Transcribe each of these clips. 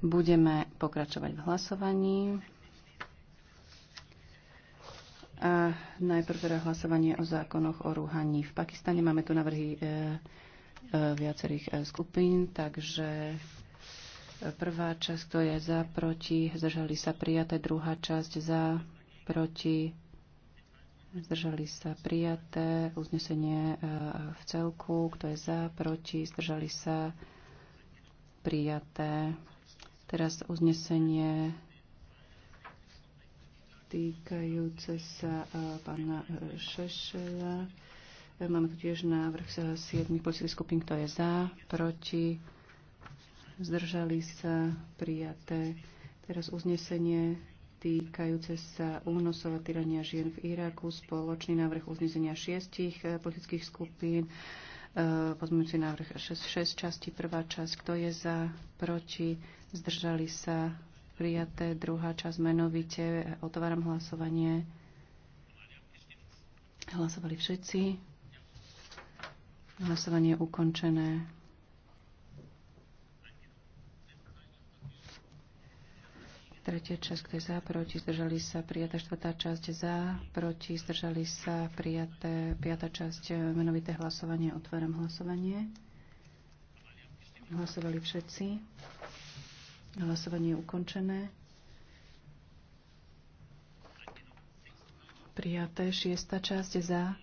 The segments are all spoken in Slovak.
Budeme pokračovať v hlasovaní. A najprv teda hlasovanie o zákonoch o rúhaní v Pakistane. Máme tu navrhy e, e, viacerých e, skupín, takže e, prvá časť, kto je za, proti, zdržali sa prijaté, druhá časť za, proti, Zdržali sa prijaté uznesenie e, v celku. Kto je za, proti? Zdržali sa prijaté. Teraz uznesenie týkajúce sa e, pána e, Šešela. Máme tu tiež návrh 7 politických skupín, kto je za, proti, zdržali sa, prijaté. Teraz uznesenie týkajúce sa únosov a tyrania žien v Iraku, spoločný návrh uznesenia šiestich eh, politických skupín, eh, pozmeňujúci návrh 6, 6 časti, prvá časť, kto je za, proti, zdržali sa, prijaté, druhá časť menovite, otváram hlasovanie. Hlasovali všetci. Hlasovanie je ukončené. Tretia časť, kto je za, proti, zdržali sa, prijatá. Štvrtá časť za, proti, zdržali sa, prijaté. Piatá časť, menovité hlasovanie. Otváram hlasovanie. Hlasovali všetci. Hlasovanie je ukončené. Prijaté. Šiesta časť za,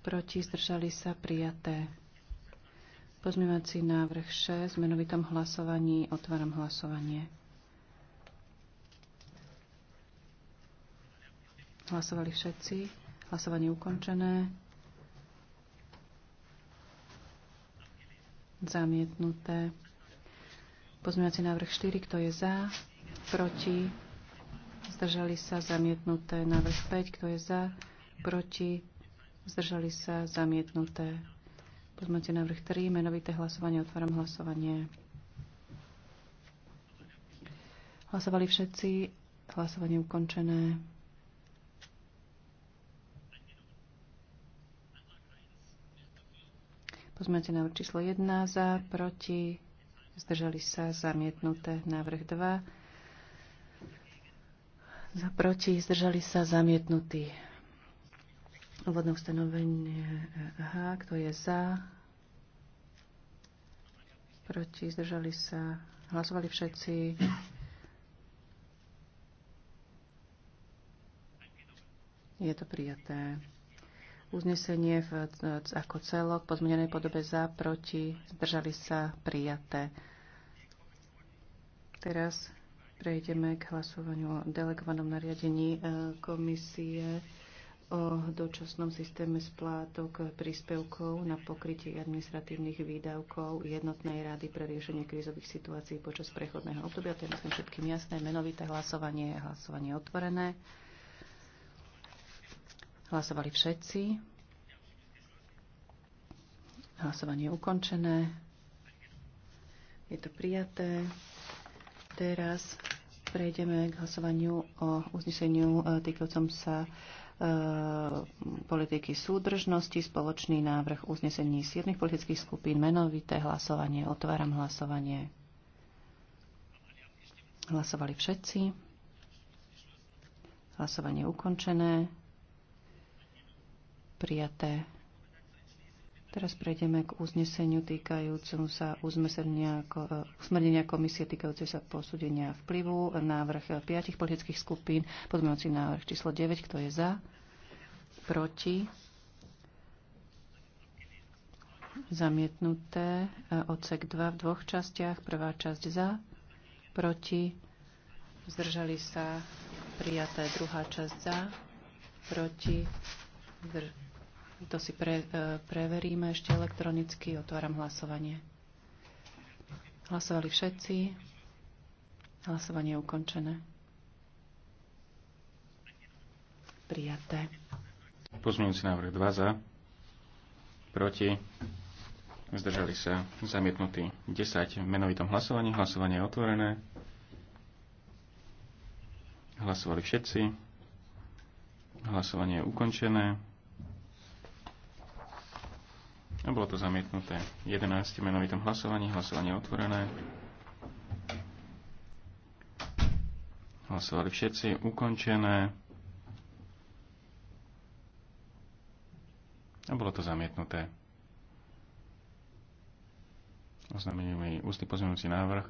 proti, zdržali sa, prijaté. Pozmývací návrh 6, menovitom hlasovaní. Otváram hlasovanie. Hlasovali všetci. Hlasovanie ukončené. Zamietnuté. Pozmeňovací návrh 4. Kto je za? Proti? Zdržali sa? Zamietnuté. Návrh 5. Kto je za? Proti? Zdržali sa? Zamietnuté. Pozmeňovací návrh 3. Menovité hlasovanie. Otváram hlasovanie. Hlasovali všetci. Hlasovanie ukončené. Pozmeňte návrh číslo 1 za, proti, zdržali sa, zamietnuté. Návrh 2 za, proti, zdržali sa, zamietnutý. Úvodné ustanovenie H, kto je za, proti, zdržali sa, hlasovali všetci. Je to prijaté. Uznesenie v, ako celok, pozmenenej podobe za, proti, zdržali sa, prijaté. Teraz prejdeme k hlasovaniu o delegovanom nariadení e, komisie o dočasnom systéme splátok príspevkov na pokrytie administratívnych výdavkov jednotnej rady pre riešenie krízových situácií počas prechodného obdobia. To je myslím všetkým jasné. Menovité hlasovanie je hlasovanie otvorené. Hlasovali všetci. Hlasovanie je ukončené. Je to prijaté. Teraz prejdeme k hlasovaniu o uzneseniu e, týkajúcom sa e, politiky súdržnosti, spoločný návrh uznesení siedmých politických skupín, menovité hlasovanie. Otváram hlasovanie. Hlasovali všetci. Hlasovanie ukončené prijaté. Teraz prejdeme k uzneseniu týkajúcemu sa e, usmernenia komisie týkajúce sa posúdenia vplyvu. Návrh piatich politických skupín, podmienujúci návrh číslo 9, kto je za, proti, zamietnuté, e, odsek 2 v dvoch častiach, prvá časť za, proti, zdržali sa, prijaté druhá časť za, proti, zdr- to si pre, e, preveríme ešte elektronicky. Otváram hlasovanie. Hlasovali všetci. Hlasovanie je ukončené. Prijaté. Pozmeňujúci návrh 2 za. Proti. Zdržali sa zamietnutí 10 v menovitom hlasovaní. Hlasovanie je otvorené. Hlasovali všetci. Hlasovanie je ukončené. A bolo to zamietnuté. 11. menovitom hlasovaní. Hlasovanie otvorené. Hlasovali všetci. Ukončené. A bolo to zamietnuté. Oznamenujeme mi ústny pozmenujúci návrh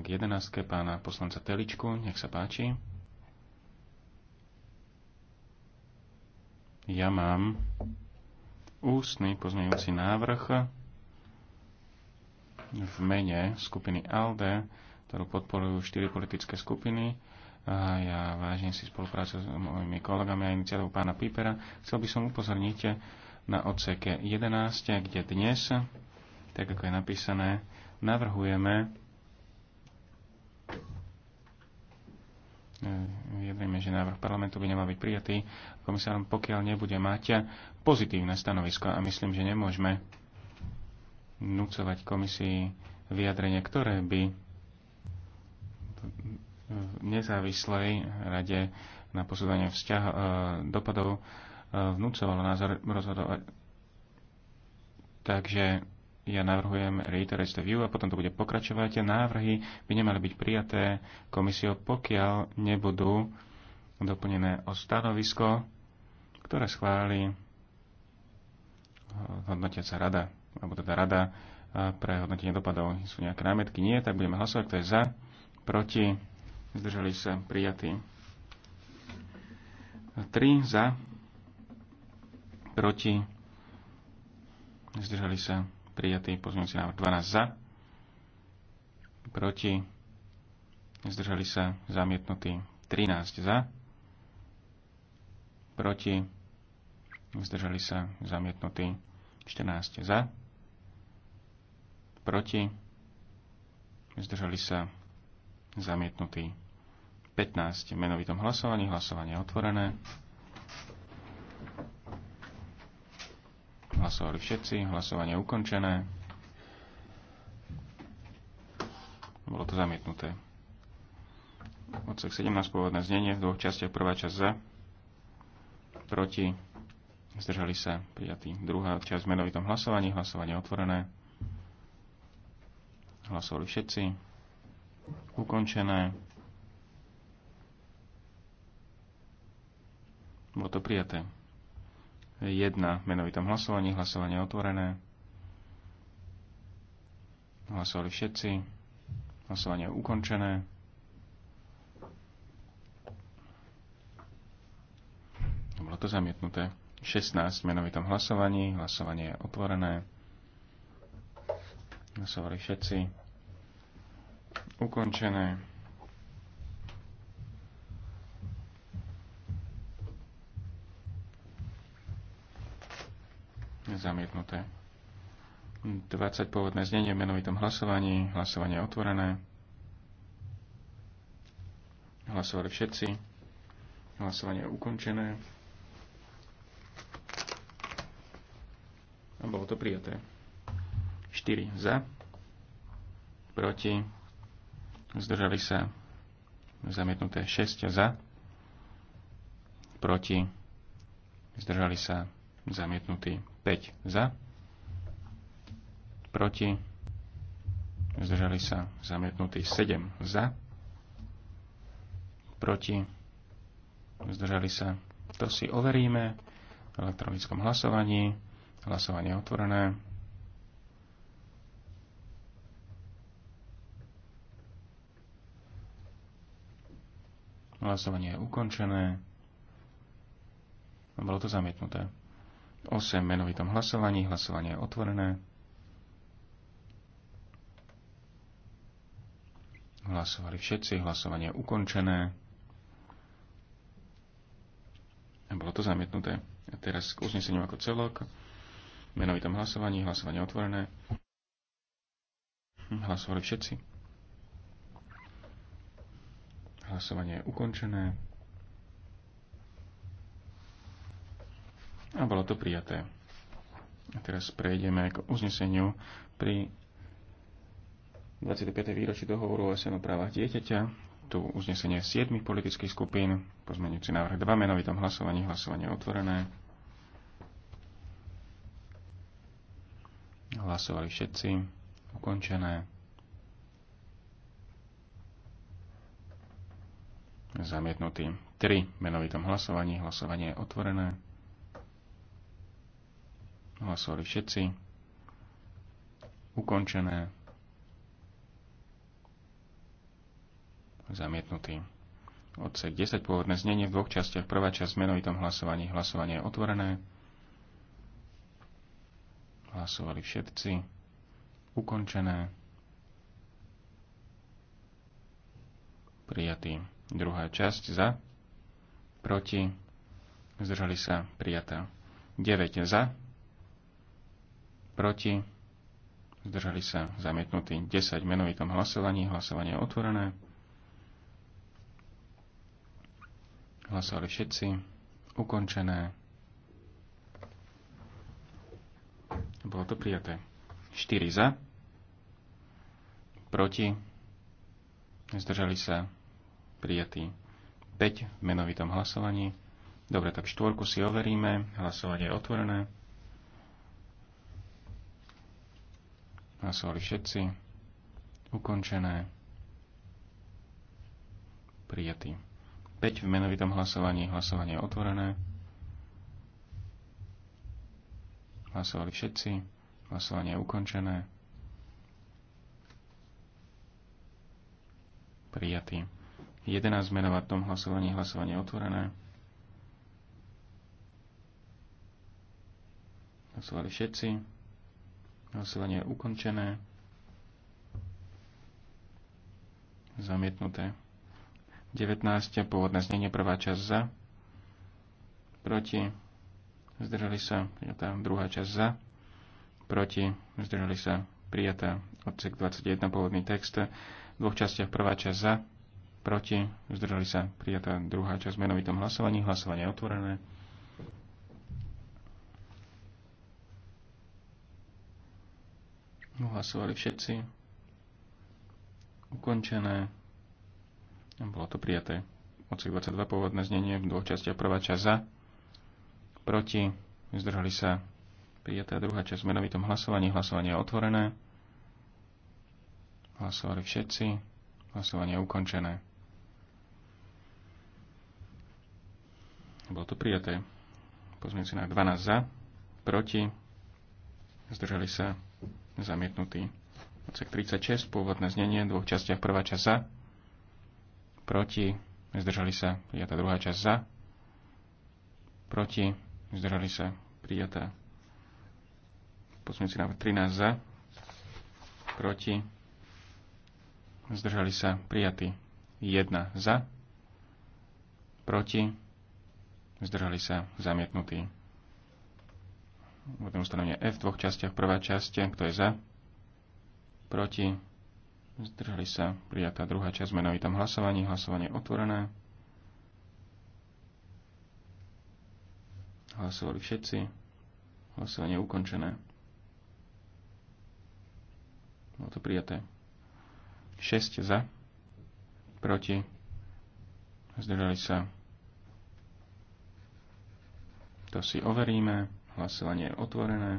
k 11. pána poslanca Teličku. Nech sa páči. Ja mám ústny pozmeňujúci návrh v mene skupiny ALDE, ktorú podporujú štyri politické skupiny. A ja vážim si spoluprácu s mojimi kolegami a iniciatívu pána Pípera. Chcel by som upozorniť na odseke 11, kde dnes, tak ako je napísané, navrhujeme e, Vieme, že návrh parlamentu by nemal byť prijatý komisárom, pokiaľ nebude mať pozitívne stanovisko a myslím, že nemôžeme nucovať komisii vyjadrenie, ktoré by v nezávislej rade na posúdanie vzťah, e, dopadov e, vnúcovalo názor rozhodovať. Takže ja navrhujem reiterate the view a potom to bude pokračovať. Návrhy by nemali byť prijaté komisiou, pokiaľ nebudú doplnené o stanovisko, ktoré schváli hodnotiaca rada, alebo teda rada pre hodnotenie dopadov. Sú nejaké námetky? Nie, tak budeme hlasovať, kto je za, proti, zdržali sa, prijatí. 3 za, proti, zdržali sa, prijatý si návrh 12 za, proti, zdržali sa, zamietnutí, 13 za, proti, zdržali sa, zamietnutí, 14 za, proti, zdržali sa zamietnutí 15 v menovitom hlasovaní, hlasovanie je otvorené. Hlasovali všetci, hlasovanie je ukončené. Bolo to zamietnuté. Odsek 17 pôvodné znenie v dvoch častiach. Prvá časť za, proti, zdržali sa prijatí. Druhá časť v menovitom hlasovaní, hlasovanie otvorené. Hlasovali všetci. Ukončené. Bolo to prijaté. Jedna v menovitom hlasovaní, hlasovanie otvorené. Hlasovali všetci. Hlasovanie ukončené. Bolo to zamietnuté. 16 menovitom hlasovaní. Hlasovanie je otvorené. Hlasovali všetci. Ukončené. Zamietnuté. 20 pôvodné znenie v menovitom hlasovaní. Hlasovanie je otvorené. Hlasovali všetci. Hlasovanie je ukončené. A bolo to prijaté. 4 za, proti, zdržali sa zamietnuté 6 za, proti, zdržali sa zamietnutí 5 za, proti, zdržali sa zamietnutí 7 za, proti, zdržali sa. To si overíme v elektronickom hlasovaní. Hlasovanie je otvorené. Hlasovanie je ukončené. Bolo to zamietnuté. 8 menovitom hlasovaní. Hlasovanie je otvorené. Hlasovali všetci. Hlasovanie je ukončené. Bolo to zamietnuté. A teraz k uzneseniu ako celok menovitom hlasovaní. Hlasovanie otvorené. Hm, hlasovali všetci. Hlasovanie je ukončené. A bolo to prijaté. A teraz prejdeme k uzneseniu pri 25. výročí dohovoru OSN o právach dieťaťa. Tu uznesenie 7 politických skupín, pozmeňujúci návrh 2, menovitom hlasovaní, hlasovanie otvorené. Hlasovali všetci. Ukončené. Zamietnutý. 3. Menovitom hlasovaní. Hlasovanie je otvorené. Hlasovali všetci. Ukončené. Zamietnutý. Odsek 10. Pôvodné znenie v dvoch častiach. Prvá časť v menovitom hlasovaní. Hlasovanie je otvorené. Hlasovali všetci. Ukončené. Prijatý. Druhá časť za. Proti. Zdržali sa. Prijatá. 9 za. Proti. Zdržali sa. Zamietnutý. 10 menovitom hlasovaní. Hlasovanie je otvorené. Hlasovali všetci. Ukončené. Bolo to prijaté. 4 za. Proti. Zdržali sa prijatí 5 v menovitom hlasovaní. Dobre, tak štvorku si overíme. Hlasovanie je otvorené. Hlasovali všetci. Ukončené. Prijatý. 5 v menovitom hlasovaní. Hlasovanie je otvorené. Hlasovali všetci. Hlasovanie je ukončené. Prijatý. 11 zmenovať tom hlasovaní. Hlasovanie je otvorené. Hlasovali všetci. Hlasovanie je ukončené. Zamietnuté. 19. Pôvodné znenie prvá časť za. Proti zdržali sa, prijatá druhá časť za, proti, zdržali sa, prijatá odsek 21, pôvodný text, v dvoch častiach prvá časť za, proti, zdržali sa, prijatá druhá časť v menovitom hlasovaní, hlasovanie je otvorené. Hlasovali všetci. Ukončené. Bolo to prijaté. Odsek 22 pôvodné znenie v dvoch častiach prvá časť za, proti, zdržali sa prijatá druhá časť v menovitom hlasovaní. Hlasovanie je otvorené. Hlasovali všetci. Hlasovanie je ukončené. Bolo to prijaté. Pozmienci na 12 za, proti, zdržali sa zamietnutí. Odsek 36, pôvodné znenie, v dvoch častiach, prvá časť za, proti, zdržali sa, prijatá druhá časť za, proti, zdržali sa prijaté. si návrh 13 za, proti, zdržali sa prijatí 1 za, proti, zdržali sa zamietnutí. Vodné ustanovenie F v dvoch častiach. Prvá časť, kto je za, proti, zdržali sa prijatá druhá časť, menovitom hlasovaní, hlasovanie otvorené. Hlasovali všetci. Hlasovanie je ukončené. Bolo to prijaté. 6 za. Proti. Zdržali sa. To si overíme. Hlasovanie je otvorené.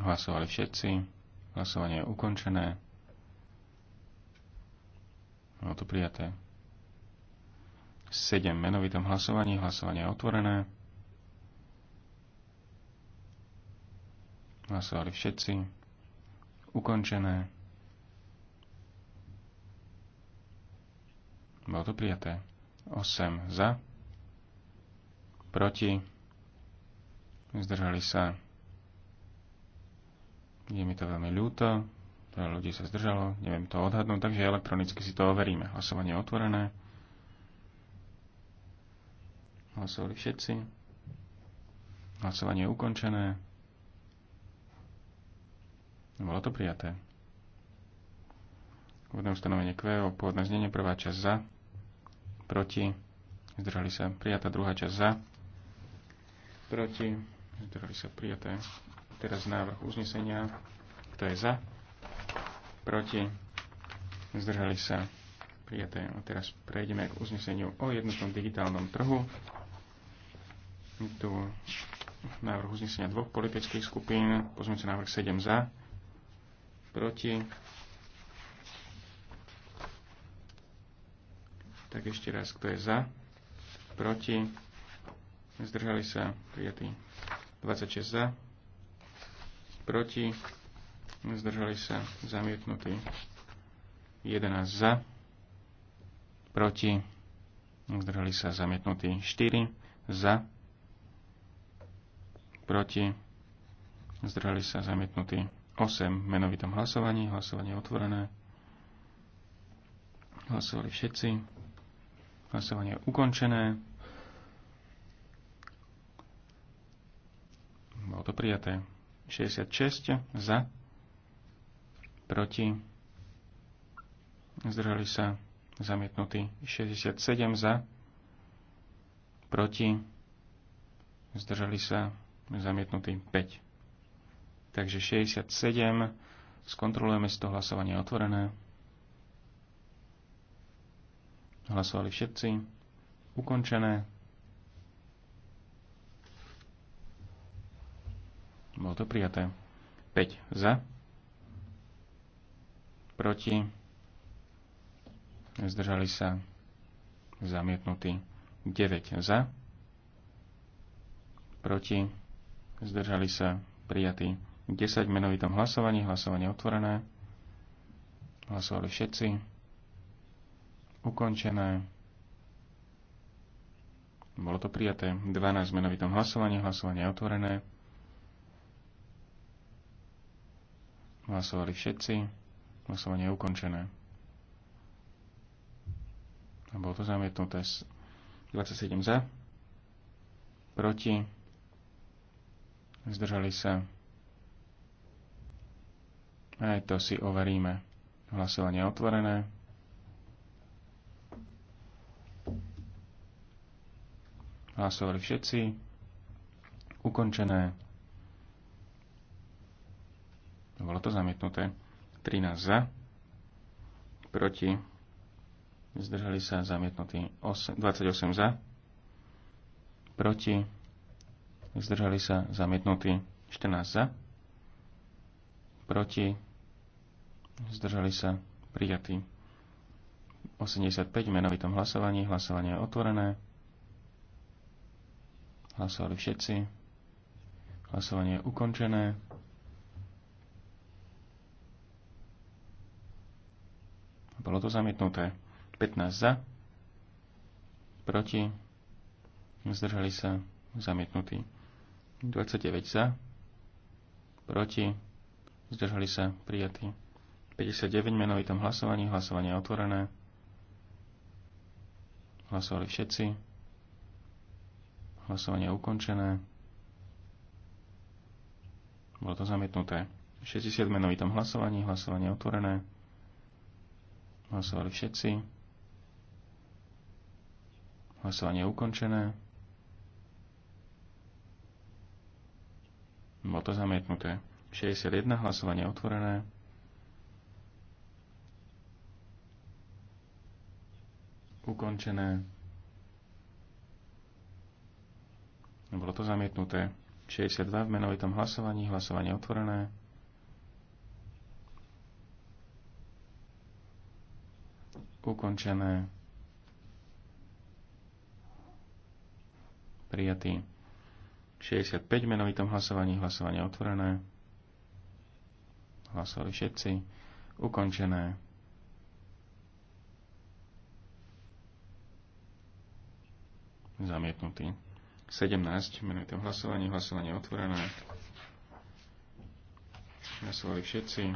Hlasovali všetci. Hlasovanie je ukončené. Bolo to prijaté. 7 menovitom hlasovaní. Hlasovanie je otvorené. Hlasovali všetci. Ukončené. Bolo to prijaté. 8 za. Proti. Zdržali sa. Je mi to veľmi ľúto. Veľa ľudí sa zdržalo. Neviem to odhadnúť, takže elektronicky si to overíme. Hlasovanie je otvorené. Hlasovali všetci. Hlasovanie je ukončené. Bolo to prijaté. Úvodné ustanovenie QO, pôvodné znenie, prvá časť za, proti, zdržali sa, prijatá druhá časť za, proti, zdržali sa, prijaté. Teraz návrh uznesenia, kto je za, proti, zdržali sa, prijaté. A teraz prejdeme k uzneseniu o jednotnom digitálnom trhu tu návrh uznesenia dvoch politických skupín, pozmeňujúci návrh 7 za, proti. Tak ešte raz, kto je za, proti, zdržali sa, prijatí 26 za, proti, zdržali sa, zamietnutí 11 za, proti, zdržali sa, zamietnutí 4 za, proti, zdržali sa zamietnutí 8 menovitom hlasovaní, hlasovanie otvorené, hlasovali všetci, hlasovanie ukončené, bolo to prijaté 66 za, proti, zdržali sa zamietnutí 67 za, proti, zdržali sa zamietnutý 5. Takže 67, skontrolujeme si to hlasovanie otvorené. Hlasovali všetci. Ukončené. Bolo to prijaté. 5 za. Proti. Zdržali sa. Zamietnutý. 9 za. Proti zdržali sa prijatí. 10 menovitom hlasovaní, hlasovanie otvorené. Hlasovali všetci. Ukončené. Bolo to prijaté. 12 menovitom hlasovaní, hlasovanie otvorené. Hlasovali všetci. Hlasovanie ukončené. A bolo to zamietnuté 27 za, proti Zdržali sa. Aj to si overíme. Hlasovanie otvorené. Hlasovali všetci. Ukončené. Bolo to zamietnuté. 13 za. Proti. Zdržali sa zamietnutí 28 za. Proti zdržali sa zamietnutí 14 za, proti, zdržali sa prijatí 85 v menovitom hlasovaní, hlasovanie je otvorené, hlasovali všetci, hlasovanie je ukončené. Bolo to zamietnuté. 15 za, proti, zdržali sa zamietnutí. 29 za, proti, zdržali sa prijatí. 59 menovitom hlasovaní, hlasovanie otvorené. Hlasovali všetci. Hlasovanie ukončené. Bolo to zamietnuté. 60 menovitom hlasovaní, hlasovanie otvorené. Hlasovali všetci. Hlasovanie ukončené. Bolo to zamietnuté. 61 hlasovanie otvorené. Ukončené. Bolo to zamietnuté. 62 v menovitom hlasovaní. Hlasovanie otvorené. Ukončené. Prijatý. 65 menovitom hlasovaní, hlasovanie otvorené. Hlasovali všetci. Ukončené. Zamietnutý. 17 menovitom hlasovaní, hlasovanie otvorené. Hlasovali všetci.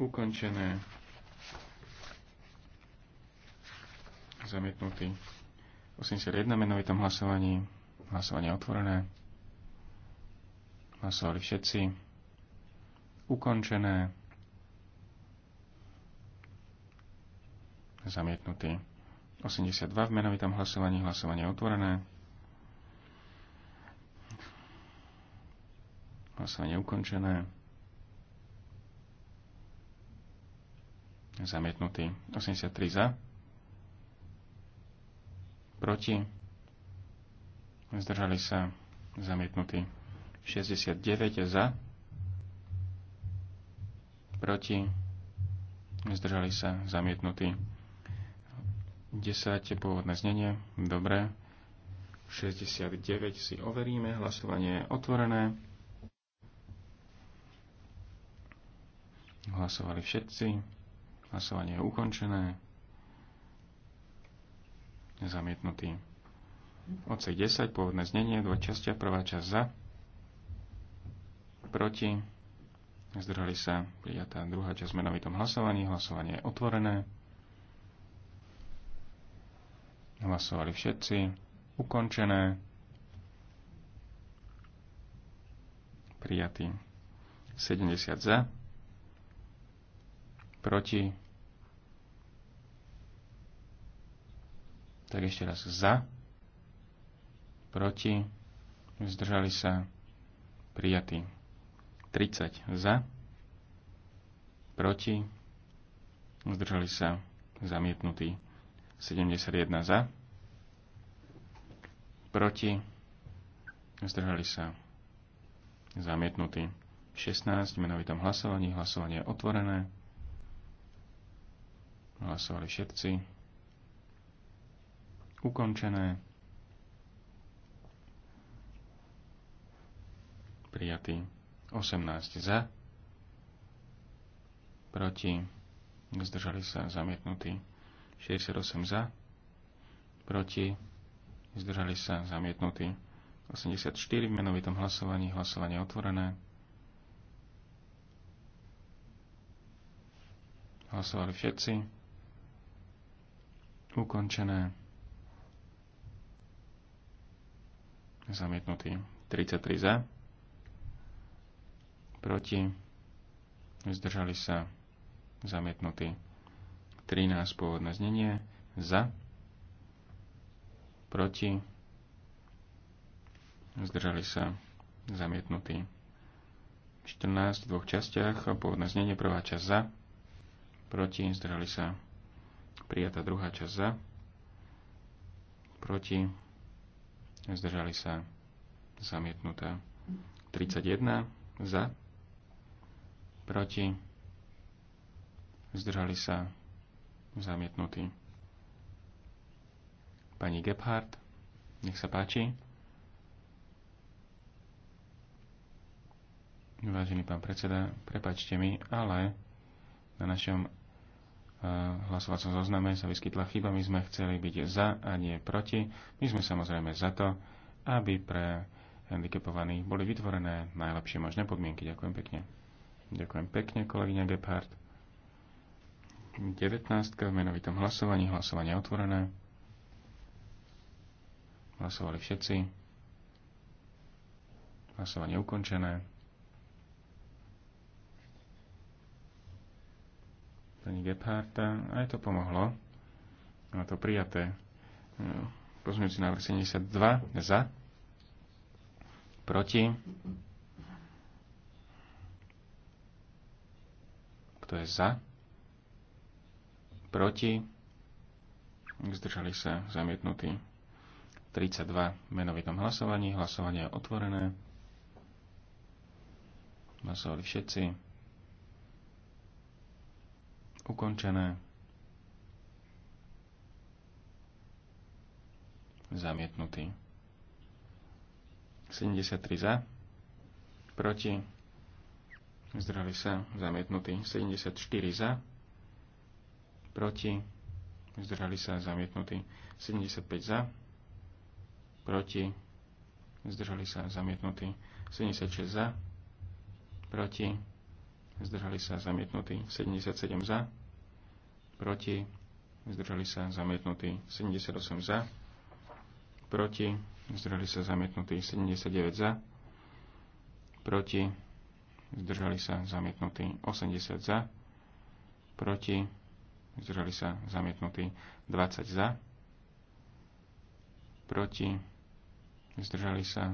Ukončené. Zamietnutý. 81 menovitom hlasovaní, Hlasovanie otvorené. Hlasovali všetci. Ukončené. Zamietnutý. 82 v menovitom hlasovaní. Hlasovanie otvorené. Hlasovanie ukončené. Zamietnutý. 83 za. Proti zdržali sa zamietnutí. 69 za, proti, zdržali sa zamietnutí. 10 pôvodné znenie, dobre. 69 si overíme, hlasovanie je otvorené. Hlasovali všetci, hlasovanie je ukončené, zamietnutý odsek 10, pôvodné znenie, dva častiach, prvá časť za, proti, zdrhali sa, prijatá druhá časť menovitom hlasovaní, hlasovanie je otvorené, hlasovali všetci, ukončené, prijatý 70 za, proti, tak ešte raz za, proti, zdržali sa prijatí. 30 za, proti, zdržali sa zamietnutí. 71 za, proti, zdržali sa zamietnutí. 16 v menovitom hlasovaní, hlasovanie je otvorené. Hlasovali všetci. Ukončené. prijatý. 18 za, proti, zdržali sa zamietnutí. 68 za, proti, zdržali sa zamietnutí. 84 v menovitom hlasovaní, hlasovanie otvorené. Hlasovali všetci. Ukončené. Zamietnutý. 33 za proti, zdržali sa zamietnutí. 13 pôvodné znenie za, proti, zdržali sa zamietnutí. 14 v dvoch častiach, pôvodné znenie, prvá časť za, proti, zdržali sa prijatá druhá časť za, proti, zdržali sa zamietnutá 31 za, proti, zdržali sa zamietnutí. Pani Gebhardt, nech sa páči. Vážený pán predseda, prepačte mi, ale na našom eh, hlasovacom zozname sa vyskytla chyba. My sme chceli byť za a nie proti. My sme samozrejme za to, aby pre handicapovaných boli vytvorené najlepšie možné podmienky. Ďakujem pekne. Ďakujem pekne, kolegyňa Gebhardt. 19. v menovitom hlasovaní, hlasovanie otvorené. Hlasovali všetci. Hlasovanie ukončené. Pani Gebharta, aj to pomohlo. Má to prijaté. Pozmeňujúci návrh 72 za, proti Kto je za? Proti? Zdržali sa zamietnutí. 32 v menovitom hlasovaní. Hlasovanie je otvorené. Hlasovali všetci. Ukončené. Zamietnutý. 73 za. Proti Zdrali sa zamietnutí 74 za. Proti. Zdrali sa zamietnutí 75 za. Proti. Zdržali sa zamietnutí 76 za. Proti. Zdržali sa zamietnutí 77 za. Proti. Zdržali sa zamietnutí 78 za. Proti. Zdrali sa zamietnutí 79 za. Proti zdržali sa zamietnutí 80 za, proti, zdržali sa zamietnutí 20 za, proti, zdržali sa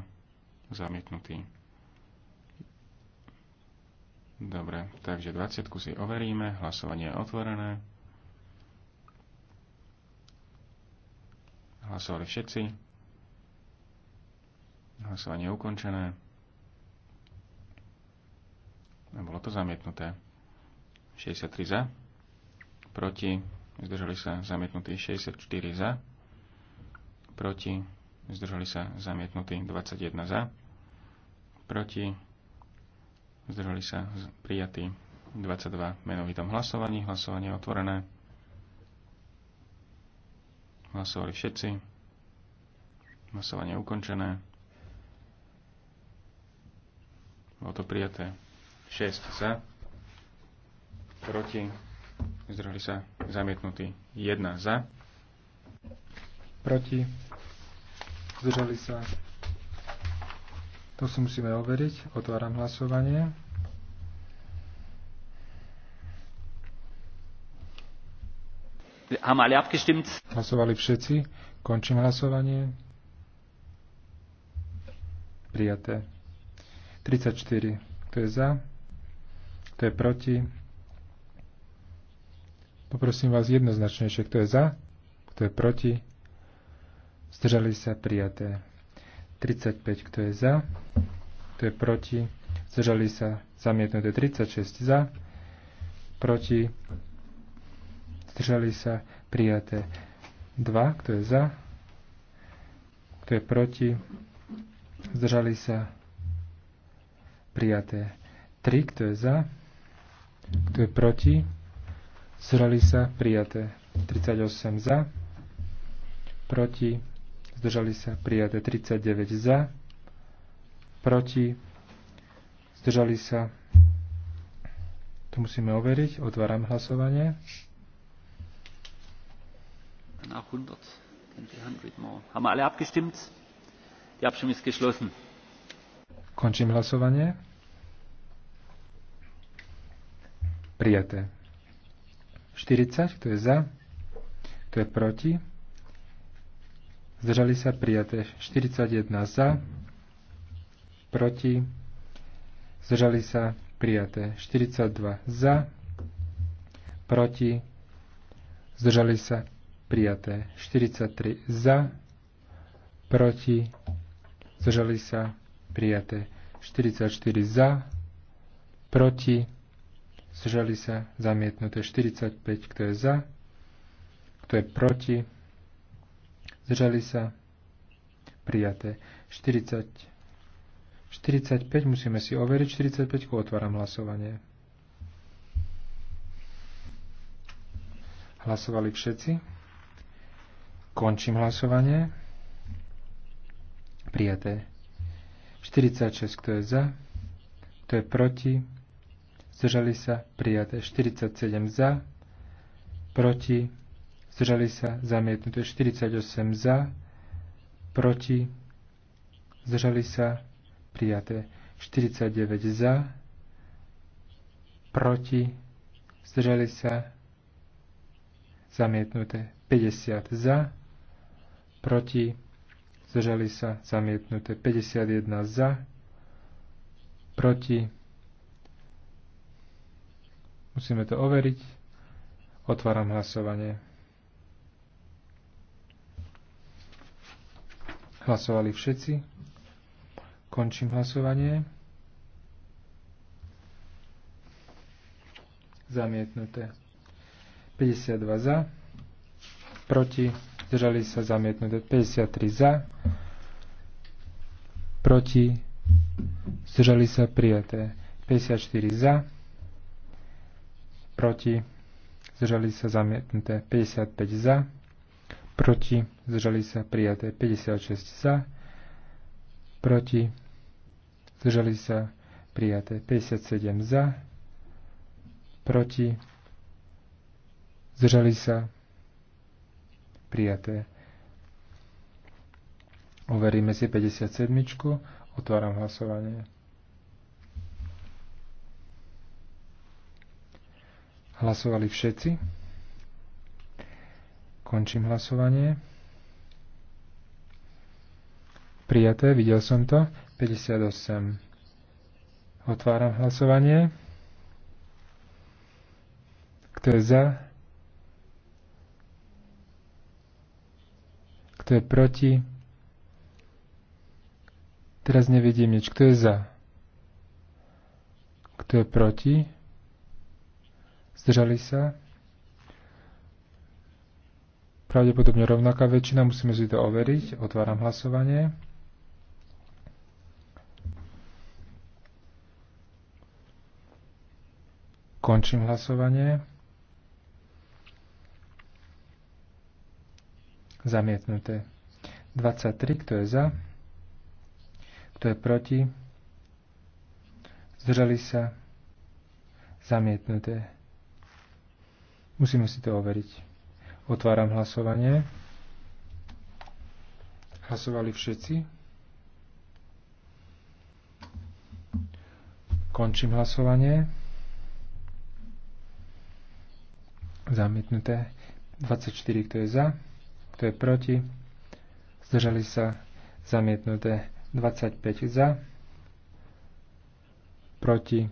zamietnutí. Dobre, takže 20 si overíme, hlasovanie je otvorené. Hlasovali všetci. Hlasovanie je ukončené. Bolo to zamietnuté. 63 za. Proti. Zdržali sa zamietnutí 64 za. Proti. Zdržali sa zamietnutí 21 za. Proti. Zdržali sa prijatí 22 menovitom hlasovaní. Hlasovanie je otvorené. Hlasovali všetci. Hlasovanie je ukončené. Bolo to prijaté. 6 za, proti, zdrhli sa zamietnutí 1 za, proti, zdrhli sa. To si musíme overiť. Otváram hlasovanie. Hlasovali všetci. Končím hlasovanie. Prijaté. 34. to je za? Kto je proti? Poprosím vás jednoznačnejšie, kto je za, kto je proti. Zdržali sa prijaté. 35, kto je za, kto je proti. Zdržali sa zamietnuté 36 za, proti. Zdržali sa prijaté 2, kto je za, kto je proti. Zdržali sa prijaté 3, kto je za, kto je proti? Zdržali sa prijaté. 38 za. Proti. Zdržali sa prijaté. 39 za. Proti. Zdržali sa. To musíme overiť. Otváram hlasovanie. Na 100. 100 more. Haben alle abgestimmt? Die Abstimmung ist geschlossen. Končím hlasovanie. Prijaté. 40, kto je za, kto je proti. Zdržali sa prijaté 41 za, proti. Zdržali sa prijaté 42 za, proti. Zdržali sa prijaté 43 za, proti. Zdržali sa prijaté 44 za, proti zdržali sa, zamietnuté 45, kto je za, kto je proti, zdržali sa, prijaté 40, 45, musíme si overiť, 45, otváram hlasovanie. Hlasovali všetci. Končím hlasovanie. Prijaté. 46, kto je za, kto je proti, zdržali sa prijaté 47 za, proti, zdržali sa zamietnuté 48 za, proti, zdržali sa prijaté 49 za, proti, zdržali sa zamietnuté 50 za, proti, zdržali sa zamietnuté 51 za, proti, Musíme to overiť. Otváram hlasovanie. Hlasovali všetci. Končím hlasovanie. Zamietnuté. 52 za. Proti. Zdržali sa zamietnuté. 53 za. Proti. Zdržali sa prijaté. 54 za proti, zdržali sa zamietnuté 55 za, proti, zdržali sa prijaté 56 za, proti, zdržali sa prijaté 57 za, proti, zdržali sa prijaté. Overíme si 57. Otváram hlasovanie. Hlasovali všetci. Končím hlasovanie. Prijaté, videl som to. 58. Otváram hlasovanie. Kto je za? Kto je proti? Teraz nevidím nič. Kto je za? Kto je proti? zdržali sa. Pravdepodobne rovnaká väčšina, musíme si to overiť. Otváram hlasovanie. Končím hlasovanie. Zamietnuté. 23, kto je za? Kto je proti? Zdržali sa? Zamietnuté. Musíme si to overiť. Otváram hlasovanie. Hlasovali všetci. Končím hlasovanie. Zamietnuté. 24, kto je za, kto je proti. Zdržali sa. Zamietnuté. 25 za, proti.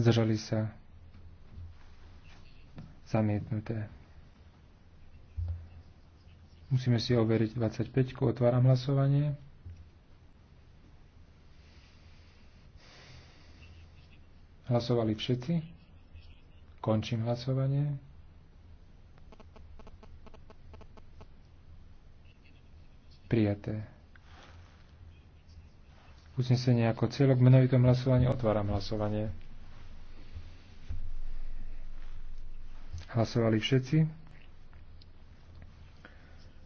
Zdržali sa Zamietnuté. Musíme si overiť 25. Otváram hlasovanie. Hlasovali všetci? Končím hlasovanie. Prijaté. Uznesenie ako celok menovitom hlasovaní otváram hlasovanie. Hlasovali všetci?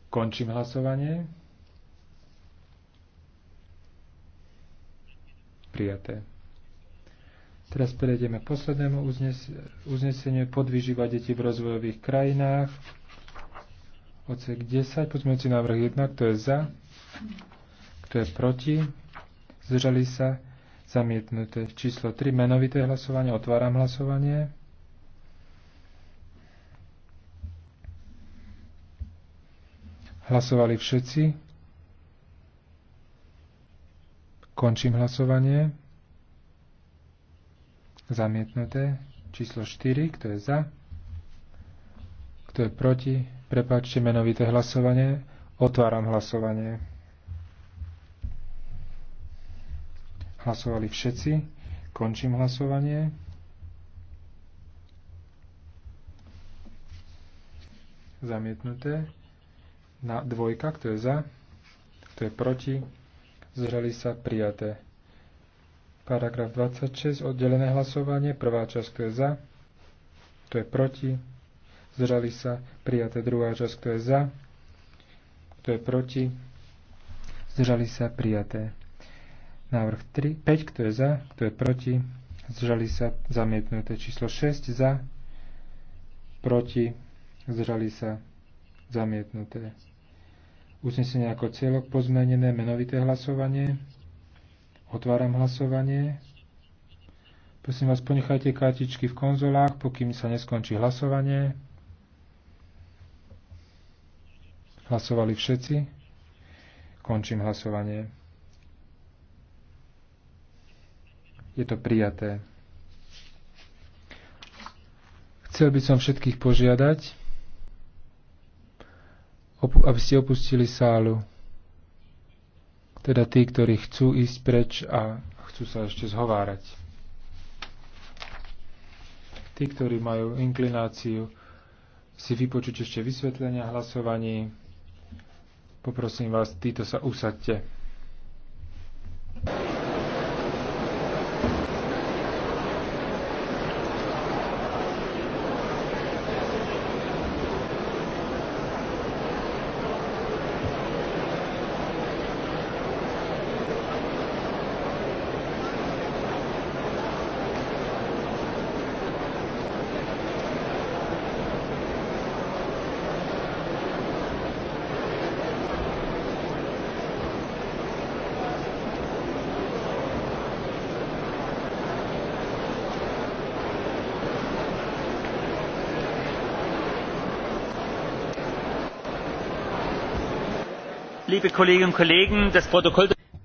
Končím hlasovanie. Prijaté. Teraz prejdeme k poslednému uzneseniu podvýživa deti v rozvojových krajinách. Ocek 10, pozmeňujúci návrh 1, kto je za, kto je proti, zdržali sa, zamietnuté. Číslo 3, menovité hlasovanie, otváram hlasovanie. Hlasovali všetci? Končím hlasovanie. Zamietnuté. Číslo 4, kto je za? Kto je proti? Prepačte menovité hlasovanie. Otváram hlasovanie. Hlasovali všetci. Končím hlasovanie. Zamietnuté na dvojka, kto je za, kto je proti, zdržali sa prijaté. Paragraf 26, oddelené hlasovanie, prvá časť, kto je za, kto je proti, zdržali sa prijaté. Druhá časť, kto je za, kto je proti, zdržali sa prijaté. Návrh 3, 5, kto je za, kto je proti, zdržali sa zamietnuté. Číslo 6, za, proti, zdržali sa zamietnuté. Uznesenie ako celok pozmenené menovité hlasovanie. Otváram hlasovanie. Prosím vás, ponechajte kartičky v konzolách, pokým sa neskončí hlasovanie. Hlasovali všetci. Končím hlasovanie. Je to prijaté. Chcel by som všetkých požiadať, aby ste opustili sálu. Teda tí, ktorí chcú ísť preč a chcú sa ešte zhovárať. Tí, ktorí majú inklináciu, si vypočuť ešte vysvetlenia hlasovaní. Poprosím vás, títo sa usadte.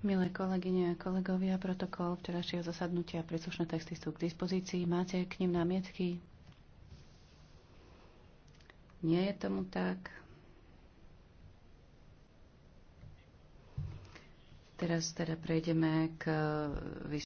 Milé kolegyne a kolegovia, protokol včerajšieho zasadnutia a príslušné texty sú k dispozícii. Máte k nim námietky? Nie je tomu tak. Teraz teda prejdeme k